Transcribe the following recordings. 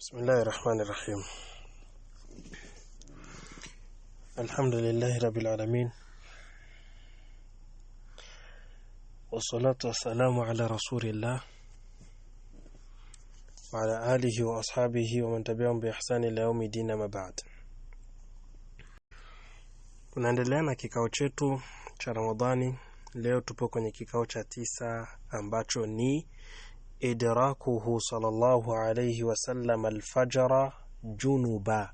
بسم الله الرحمن الرحيم الحمد لله رب العالمين والصلاة والسلام على رسول الله وعلى آله وأصحابه ومن تبعهم بإحسان إلى يوم الدين ما بعد Tunaendelea na kikao chetu cha Ramadhani. Leo tupo kwenye kikao cha tisa ambacho ni idrakuhu sallallahu alayhi wasallam alfajara junuba,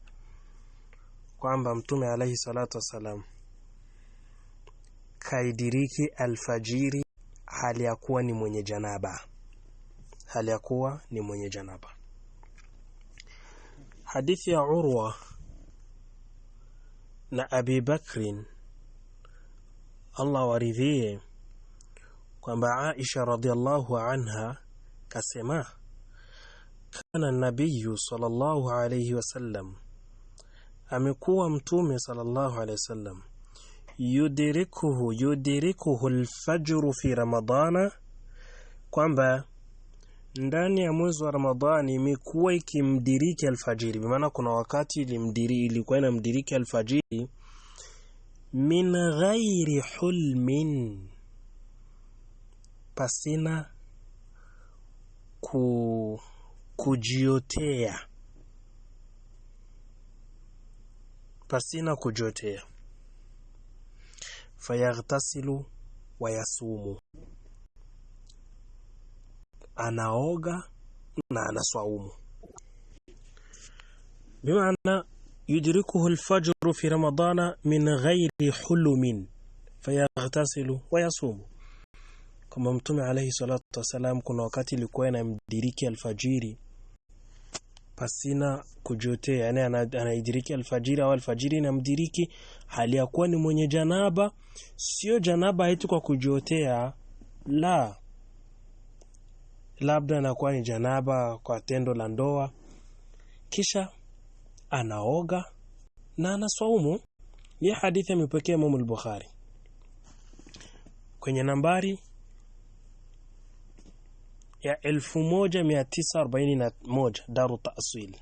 kwamba mtume alayhi salatu wasalam kaidiriki alfajiri hali ya kuwa ni mwenye janaba, hali ya kuwa ni mwenye janaba. Hadithi ya Urwa na Abi Bakrin Allah waridhie, kwamba Aisha radhiallahu anha kasema kana nabiyu sallallahu alayhi wasallam amekuwa mtume sallallahu alayhi wasallam yudirikuhu yudirikuhu alfajru fi ramadana kwamba ndani ya mwezi wa Ramadhani imekuwa ikimdiriki alfajiri, bimaana kuna wakati ilimdiri ilikuwa inamdiriki alfajiri min ghairi hulmin, pasina ku, kujiotea pasina kujiotea fayaghtasilu wayasumu anaoga na anaswaumu bimaana yudrikuhu alfajru fi ramadana min ghairi hulumin fayaghhtasilu wayasumu kwamba mtume alayhi salatu wasalam kuna wakati ilikuwa inamdiriki alfajiri pasina kujotea, yani anaidiriki alfajiri au alfajiri inamdiriki hali yakuwa ni mwenye janaba. Sio janaba aitu kwa kujotea, la, labda anakuwa ni janaba kwa tendo la ndoa, kisha anaoga na anaswaumu. Ni hadithi amepokea Imam bukhari kwenye nambari ya 1941 Daru Ta'sil.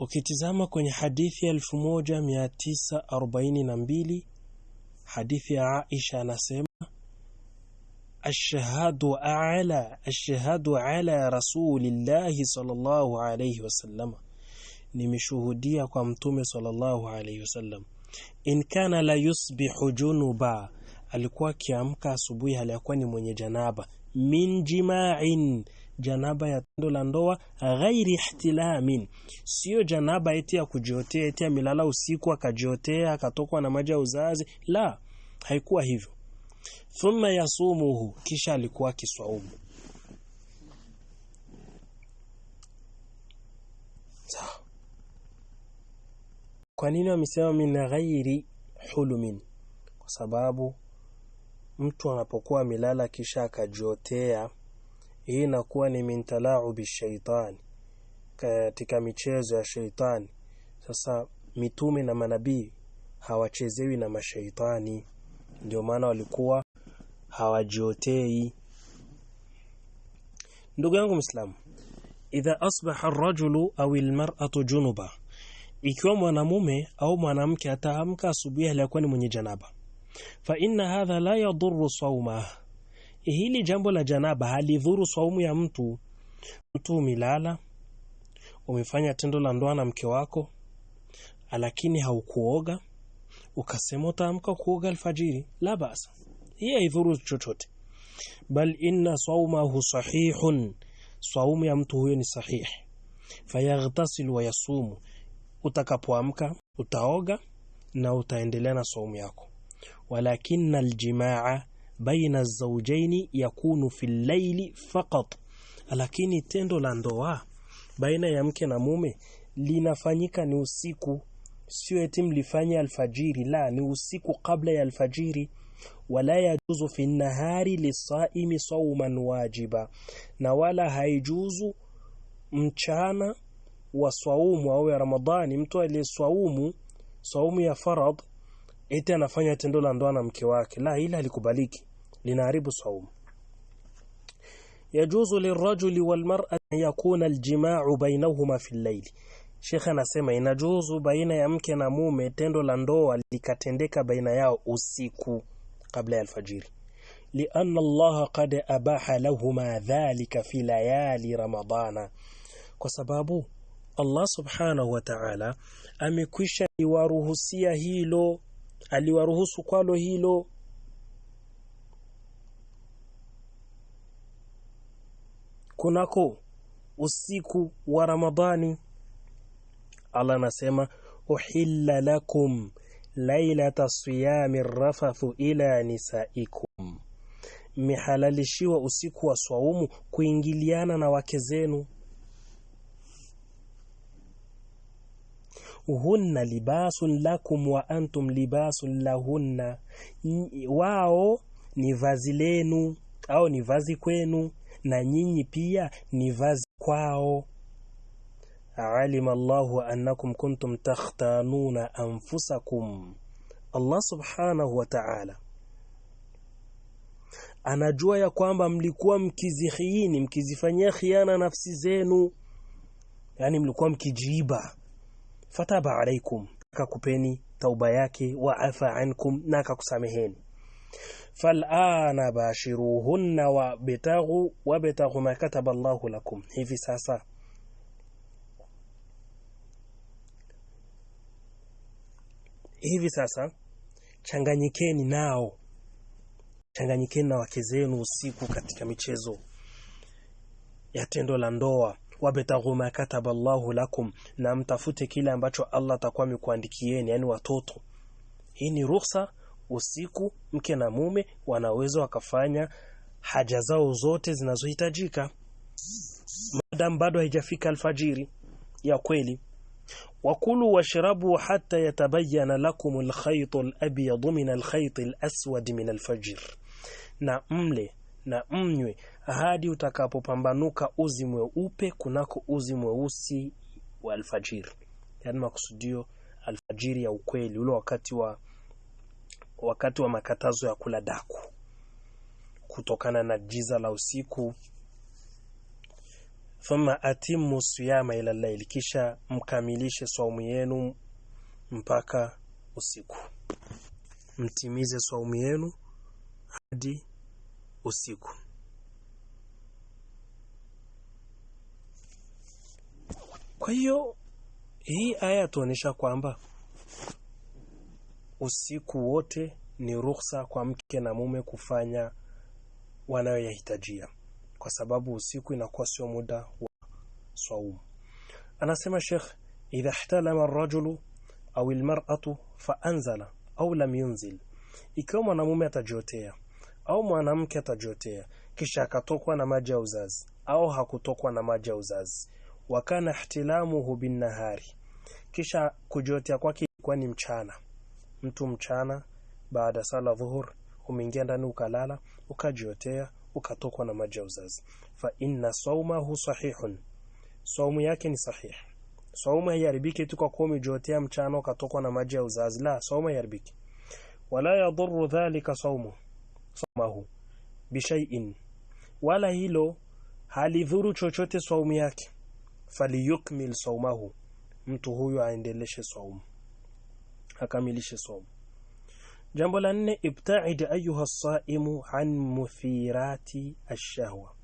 Ukitizama kwenye hadithi ya 1942 hadithi ya Aisha anasema ashhadu ala ashhadu ala rasulillahi sallallahu alayhi wasallam, nimeshuhudia kwa mtume sallallahu alayhi wasallam. In kana la yusbihu junuba, alikuwa akiamka asubuhi hali yakuwa ni mwenye janaba min jima'in, janaba ya tendo la ndoa. Ghairi ihtilamin, sio janaba eti ya kujiotea, eti milala usiku akajiotea akatokwa na maji ya uzazi. La, haikuwa hivyo. Thumma yasumuhu, kisha alikuwa akiswaumu. Kwa nini wamesema min ghairi hulumin? Kwa sababu mtu anapokuwa milala kisha akajiotea, hii inakuwa ni mintalau bishaitani, katika michezo ya sheitani. Sasa mitume na manabii hawachezewi na mashaitani, ndio maana walikuwa hawajiotei. Ndugu yangu mslam idha asbaha arrajulu rajulu au al junuba, ikiwa mwanamume au mwanamke ataamka asubuhi aliyakuwa ni mwenye janaba fa inna hadha la yadhurru sawma, e, hili jambo la janaba halidhuru saumu ya mtu. Mtu umilala umefanya tendo la ndoa na mke wako, lakini haukuoga ukasema utaamka kuoga alfajiri, la basa, hii haidhuru chochote. Bal inna saumahu sahihun, saumu ya mtu huyo ni sahihi. Fayaghtasil wa yasumu, utakapoamka utaoga na utaendelea na saumu yako walakinna aljimaa baina zawjaini yakunu fi llaili faqat, lakini tendo la ndoa baina ya mke na mume linafanyika ni usiku, sio eti mlifanye alfajiri. La, ni usiku kabla ya alfajiri. Wala yajuzu fi nahari lisaimi sauman wajiba, na wala haijuzu mchana wa swaumu au ya Ramadhani, mtu aliyeswaumu saumu ya faradh eti anafanya tendo la ndoa na mke wake la ila alikubaliki linaharibu saumu yajuzu lirajuli walmar'a yakuna aljima'u bainahuma fi llaili Sheikh anasema inajuzu baina ya mke na mume tendo la ndoa likatendeka baina yao usiku kabla ya alfajiri lianna Allaha qad abaha lahuma dhalika fi layali ramadana kwa sababu Allah subhanahu wa ta'ala amekwisha iwaruhusia hilo aliwaruhusu kwalo hilo kunako usiku wa Ramadhani Allah anasema uhilla lakum lailata siyami rafathu ila nisaikum, mmehalalishiwa usiku wa swaumu kuingiliana na wake zenu. hunna libasun lakum wa antum libasun lahunna, wao ni vazi lenu au ni vazi kwenu na nyinyi pia ni vazi kwao. Alima Allahu annakum kuntum takhtanuna anfusakum, Allah subhanahu wa ta'ala anajua ya kwamba mlikuwa mkizihiini mkizifanyia khiana nafsi zenu, yani mlikuwa mkijiiba fataba alaikum akakupeni tauba yake wa afa ankum na akakusameheni falana bashiruhunna wabtaghu wabtaghu ma kataba Allahu lakum hivi sasa hivi sasa changanyikeni nao changanyikeni na wake zenu usiku katika michezo ya tendo la ndoa wabtaghu ma kataba Allahu lakum, na mtafute kile ambacho Allah atakuwa amekuandikieni, yani watoto. Hii ni ruhusa. Usiku mke na mume wanaweza wakafanya haja zao zote zinazohitajika madam bado haijafika alfajiri ya kweli. wakulu washrabu hata yatabayana lakum alkhayt alabyad min alkhayt alaswad min alfajr, na mle na mnywe hadi utakapopambanuka uzi mweupe kunako uzi mweusi wa alfajiri, yani makusudio alfajiri ya ukweli, ule wakati wa wakati wa makatazo ya kula daku kutokana na jiza la usiku. Thumma atimu siyama ila laili, kisha mkamilishe saumu yenu mpaka usiku, mtimize saumu yenu hadi usiku. Kwa hiyo hii aya tuonesha kwamba usiku wote ni ruhusa kwa mke na mume kufanya wanayoyahitajia, kwa sababu usiku inakuwa sio muda wa swaumu. Anasema Sheikh, idha htalama rajulu au lmaratu fa anzala au lam yunzil, ikiwa mwanamume atajiotea au mwanamke atajiotea kisha akatokwa na maji ya uzazi au hakutokwa na maji ya uzazi wakana ihtilamuhu bin nahari kisha kujotea kwake ilikuwa ni mchana mtu mchana baada sala dhuhur umeingia ndani ukalala ukajotea ukatokwa na maji ya uzazi fa inna saumahu sahihun saumu yake ni sahih saumu haiharibiki tu kwa kuwa umejiotea mchana ukatokwa na maji ya uzazi la saumu haiharibiki wala yadhuru dhalika saumu saumahu bishai'in wala hilo halidhuru chochote saumu yake faliyukmil sawmahu mtu huyu aendeleshe saumu akamilishe saumu jambo la nne ibtaid ayuha saimu an muthirati ashahwa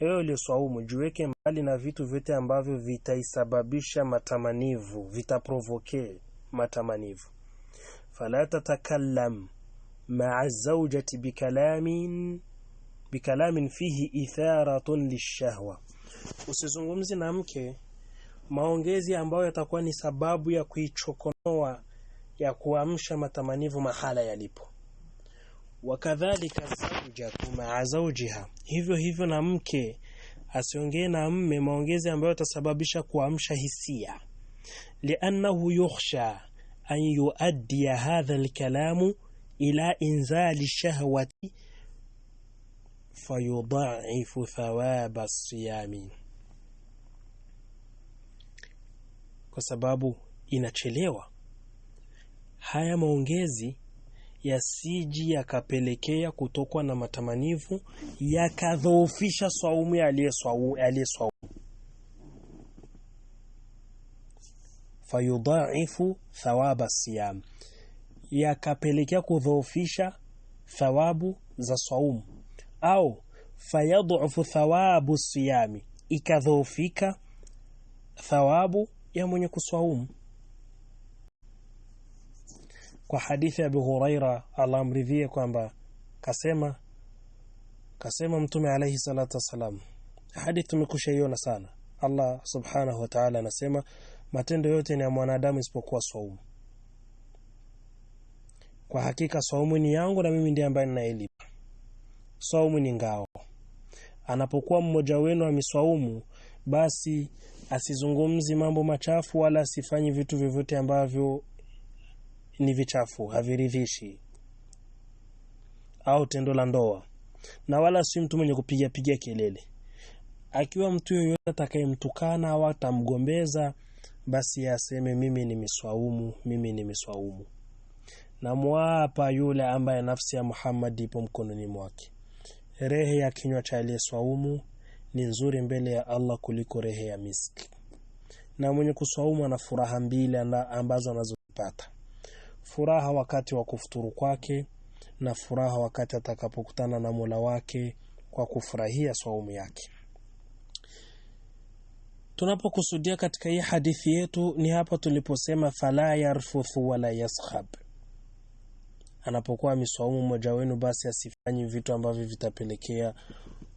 eyo lisaumu jiweke mbali na vitu vyote ambavyo vitaisababisha matamanivu vitaprovoke matamanivu fala tatakallam maa zaujati bikalamin bikalamin fihi itharatun lishahwa Usizungumzi na mke maongezi ambayo yatakuwa ni sababu ya kuichokonoa ya kuamsha matamanivu mahala yalipo. Wakadhalika zaujatu maa zaujiha, hivyo hivyo na mke asiongee na mme maongezi ambayo yatasababisha kuamsha hisia, liannahu yukhsha an yuaddiya hadha alkalamu ila inzali shahwati fayudhaifu thawaba siyami, kwa sababu inachelewa. Haya maongezi yasiji yakapelekea kutokwa na matamanivu yakadhoofisha swaumu aliyeswaumu. fayudhaifu thawaba siyam, yakapelekea kudhoofisha thawabu za swaumu au fayadhufu thawabu siyami, ikadhoofika thawabu ya mwenye kuswaumu. Kwa hadithi ya Abu Huraira, Allah amridhie, kwamba kasema kasema Mtume alayhi salatu wassalam, hadithi iona sana. Allah subhanahu wa ta'ala anasema matendo yote ni ya mwanadamu isipokuwa swaumu. Kwa hakika swaumu ni yangu na mimi ndiye ambaye ninaelipa Saumu ni ngao. Anapokuwa mmoja wenu amiswaumu basi asizungumzi mambo machafu wala asifanyi vitu vyovyote ambavyo ni vichafu, haviridhishi au tendo la ndoa, na wala si mtu mwenye kupiga piga kelele. Akiwa mtu yoyote atakayemtukana au atamgombeza, basi aseme mimi ni miswaumu, mimi nimeswaumu. Namwapa yule ambaye nafsi ya Muhammad ipo mkononi mwake. Rehe ya kinywa cha aliyeswaumu ni nzuri mbele ya Allah kuliko rehe ya miski, na mwenye kuswaumu ana furaha mbili ambazo anazozipata: furaha wakati wa kufuturu kwake na furaha wakati atakapokutana na Mola wake kwa kufurahia swaumu yake. Tunapokusudia katika hii hadithi yetu, ni hapa tuliposema fala yarfuthu wala yaskhab anapokuwa ameswaumu mmoja wenu, basi asifanye vitu ambavyo vitapelekea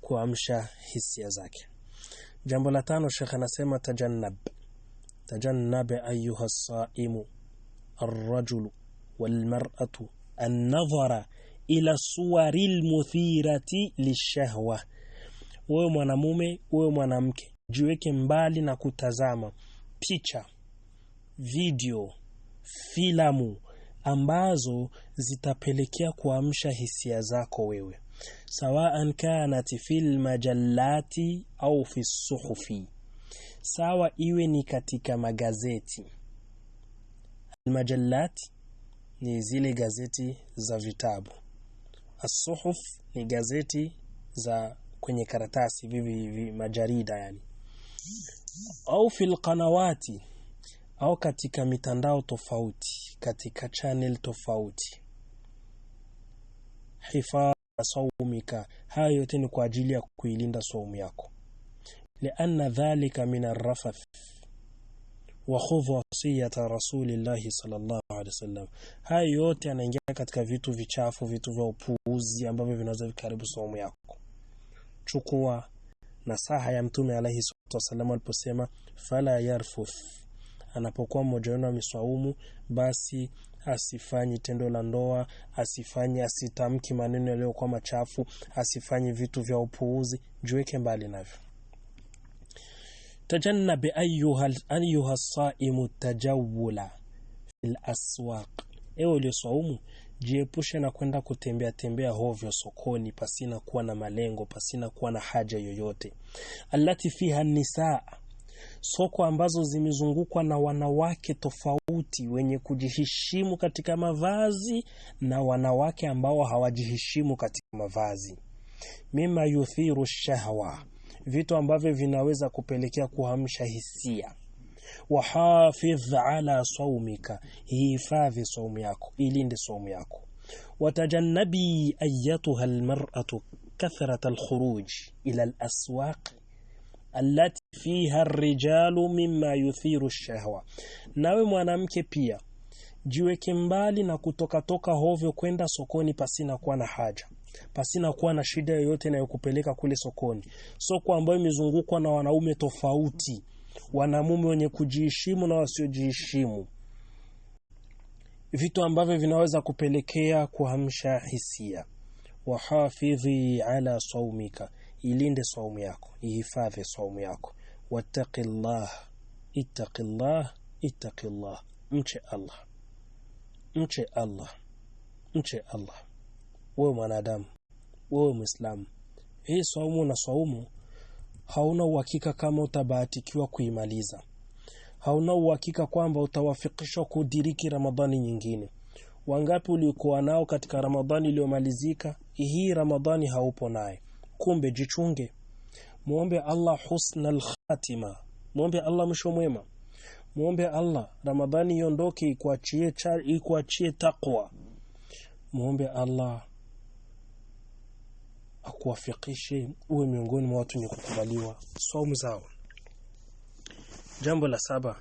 kuamsha hisia zake. Jambo la tano, Sheikh anasema tajannab tajannab ayuha saimu arrajulu walmaratu annadhara ila suwari lmuthirati lishahwa, wewe mwanamume, wewe mwanamke, jiweke mbali na kutazama picha, video, filamu ambazo zitapelekea kuamsha hisia zako wewe sawaan kanat fil majallati au fi suhufi, sawa iwe ni katika magazeti. almajalati ni zile gazeti za vitabu, asuhuf ni gazeti za kwenye karatasi vivi, vivi majarida yani, au fil qanawati au katika mitandao tofauti, katika channel tofauti. Hifadha saumika, hayo yote ni kwa ajili ya kuilinda saumu yako. Lianna dhalika min arrafath wa khudh wasiyata rasulillahi sallallahu alaihi wasallam. Hayo yote yanaingia katika vitu vichafu, vitu vya upuuzi ambavyo vinaweza vikaribu saumu yako. Chukua nasaha ya Mtume alaihi salatu wasallam aliposema, fala yarfuth anapokuwa mmoja wenu ameswaumu, basi asifanyi tendo la ndoa, asifanyi asitamki maneno yaliyokuwa machafu, asifanyi vitu vya upuuzi, jiweke mbali navyo. Tajanabi ayuha saimu tajawula fil aswaq, ewe ulioswaumu jiepushe na kwenda kutembea tembea hovyo sokoni, pasina kuwa na malengo, pasina kuwa na haja yoyote. Allati fiha nisaa soko ambazo zimezungukwa na wanawake tofauti wenye kujiheshimu katika mavazi na wanawake ambao hawajiheshimu katika mavazi. Mima yuthiru shahwa, vitu ambavyo vinaweza kupelekea kuhamsha hisia. Wahafidh ala saumika, hihifadhi saumu yako, ilinde saumu yako. Watajannabi ayatuha almar'atu kathrat alkhuruj ila alaswaqi allati fiha rijalu mimma yuthiru shahwa, nawe mwanamke pia jiweke mbali na kutokatoka hovyo kwenda sokoni pasina kuwa na haja pasina kuwa na shida yoyote inayokupeleka kule sokoni, soko ambayo imezungukwa na wanaume tofauti, wanamume wenye kujiheshimu na wasiojiheshimu, vitu ambavyo vinaweza kupelekea kuhamsha hisia. Wahafidhi ala saumika ilinde saumu yako ihifadhi saumu yako wattaqillah ittaqillah ittaqillah mche Allah mche Allah mche Allah wewe mwanadamu wewe muislamu hii saumu na saumu hauna uhakika kama utabahatikiwa kuimaliza hauna uhakika kwamba utawafikishwa kudiriki Ramadhani nyingine wangapi ulikuwa nao katika Ramadhani iliyomalizika hii Ramadhani haupo naye Kumbe jichunge, muombe Allah husnal khatima, muombe Allah mwisho mwema, muombe Allah Ramadhani iondoke ikuachie ikuachie taqwa, muombe Allah akuwafikishe uwe miongoni mwa watu wenye kukubaliwa saumu zao. Jambo la saba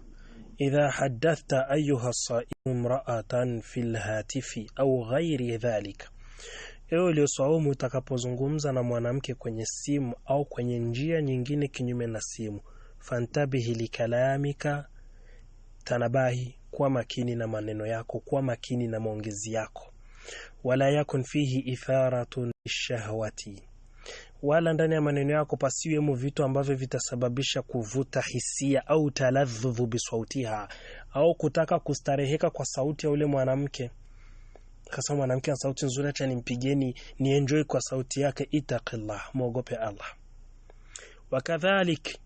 idha hadathta ayuha saimu imra'atan fil hatifi au ghairi dhalika Ewe uliyoswaumu utakapozungumza na mwanamke kwenye simu au kwenye njia nyingine kinyume na simu, fantabihi likalamika, tanabahi, kuwa makini na maneno yako, kuwa makini na maongezi yako. Wala yakun fihi itharatun lishahwati, wala ndani ya maneno yako pasiwemo vitu ambavyo vitasababisha kuvuta hisia au taladhdhudhu biswautiha, au kutaka kustareheka kwa sauti ya ule mwanamke. Akasema mwanamke ana sauti nzuri, acha nimpigeni ni enjoy kwa sauti yake. Itaqillah, muogope Allah. Wakadhalik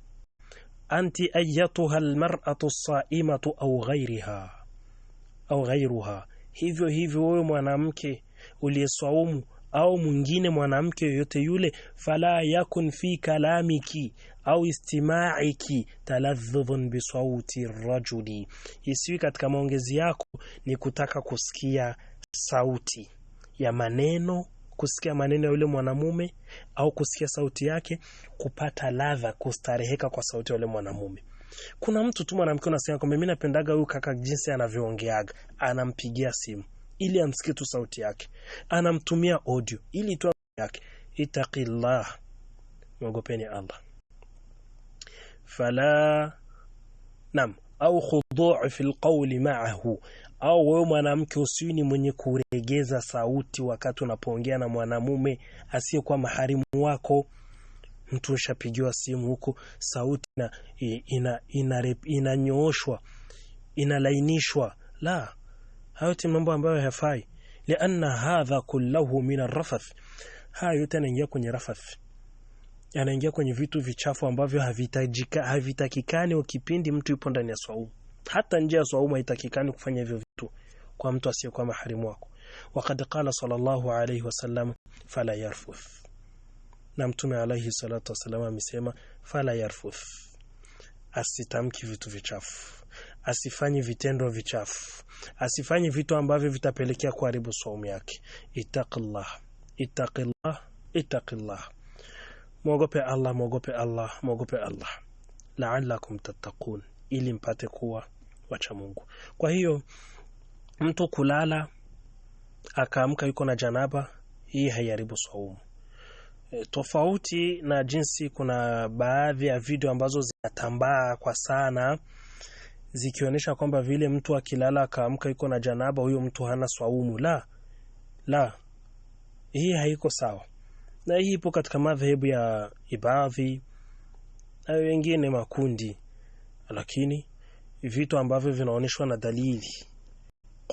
anti ayatuha almar'atu as-sa'imatu au ghayriha au ghayruha, hivyo hivyo wewe mwanamke uliyeswaumu au mwingine mwanamke yoyote yule, fala yakun fi kalamiki au istimaiki taladhudhun bisauti rajuli, isiwi katika maongezi yako ni kutaka kusikia sauti ya maneno, kusikia maneno ya yule mwanamume au kusikia sauti yake, kupata ladha, kustareheka kwa sauti ya yule mwanamume. Kuna mtu tu mwanamke unasema kwamba mimi napendaga huyu kaka jinsi anavyoongeaga, anampigia simu ili amsikie tu sauti yake, anamtumia audio ili tu yake. Itaqillah, mwogopeni Allah. Fala nam au khudhu' fi alqawli ma'ahu au wewe mwanamke usiwi ni mwenye kuregeza sauti wakati unapoongea na mwanamume asiyekuwa maharimu wako. Mtu ushapigiwa simu huko, sauti na ina inanyooshwa ina inalainishwa. La, hayo ti mambo ambayo hayafai, lianna hadha kullahu min arrafath. Hayo yote yanaingia kwenye rafath, yanaingia kwenye vitu vichafu ambavyo havitajika havitakikani, kipindi mtu yupo ndani ya swaumu. Hata nje ya swaumu haitakikani kufanya hivyo kwa mtu asiyekuwa maharimu wako waqad qala sallallahu alayhi wasallam fala yarfuth na mtume alayhi salatu wasallam amesema fala yarfuth asitamki vitu vichafu asifanye vitendo vichafu asifanye vitu ambavyo vitapelekea kuharibu saumu yake itaqillah itaqillah itaqillah mwogope Allah mwogope Allah mwogope Allah la'allakum tattaqun ili mpate kuwa wacha Mungu kwa hiyo mtu kulala akaamka yuko na janaba, hii haiharibu saumu. E, tofauti na jinsi kuna baadhi ya video ambazo zinatambaa kwa sana zikionyesha kwamba vile mtu akilala akaamka yuko na janaba, huyo mtu hana swaumu. La, la, hii haiko sawa, na hii ipo katika madhehebu ya Ibadhi na wengine makundi, lakini vitu ambavyo vinaonyeshwa na dalili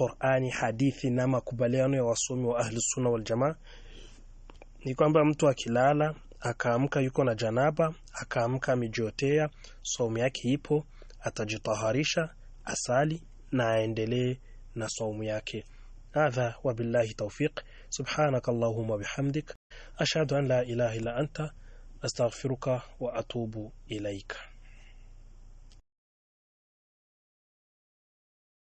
Qur'ani, hadithi na makubaliano ya wasomi wa ahli sunna wal jamaa ni kwamba mtu akilala akaamka yuko na janaba, akaamka amejiotea, saumu yake ipo, atajitaharisha, asali na aendelee na saumu yake. Hadha wabillahi tawfiq. Subhanaka bihamdik ashhadu an la ilaha illa anta astaghfiruka wa atubu ilaika.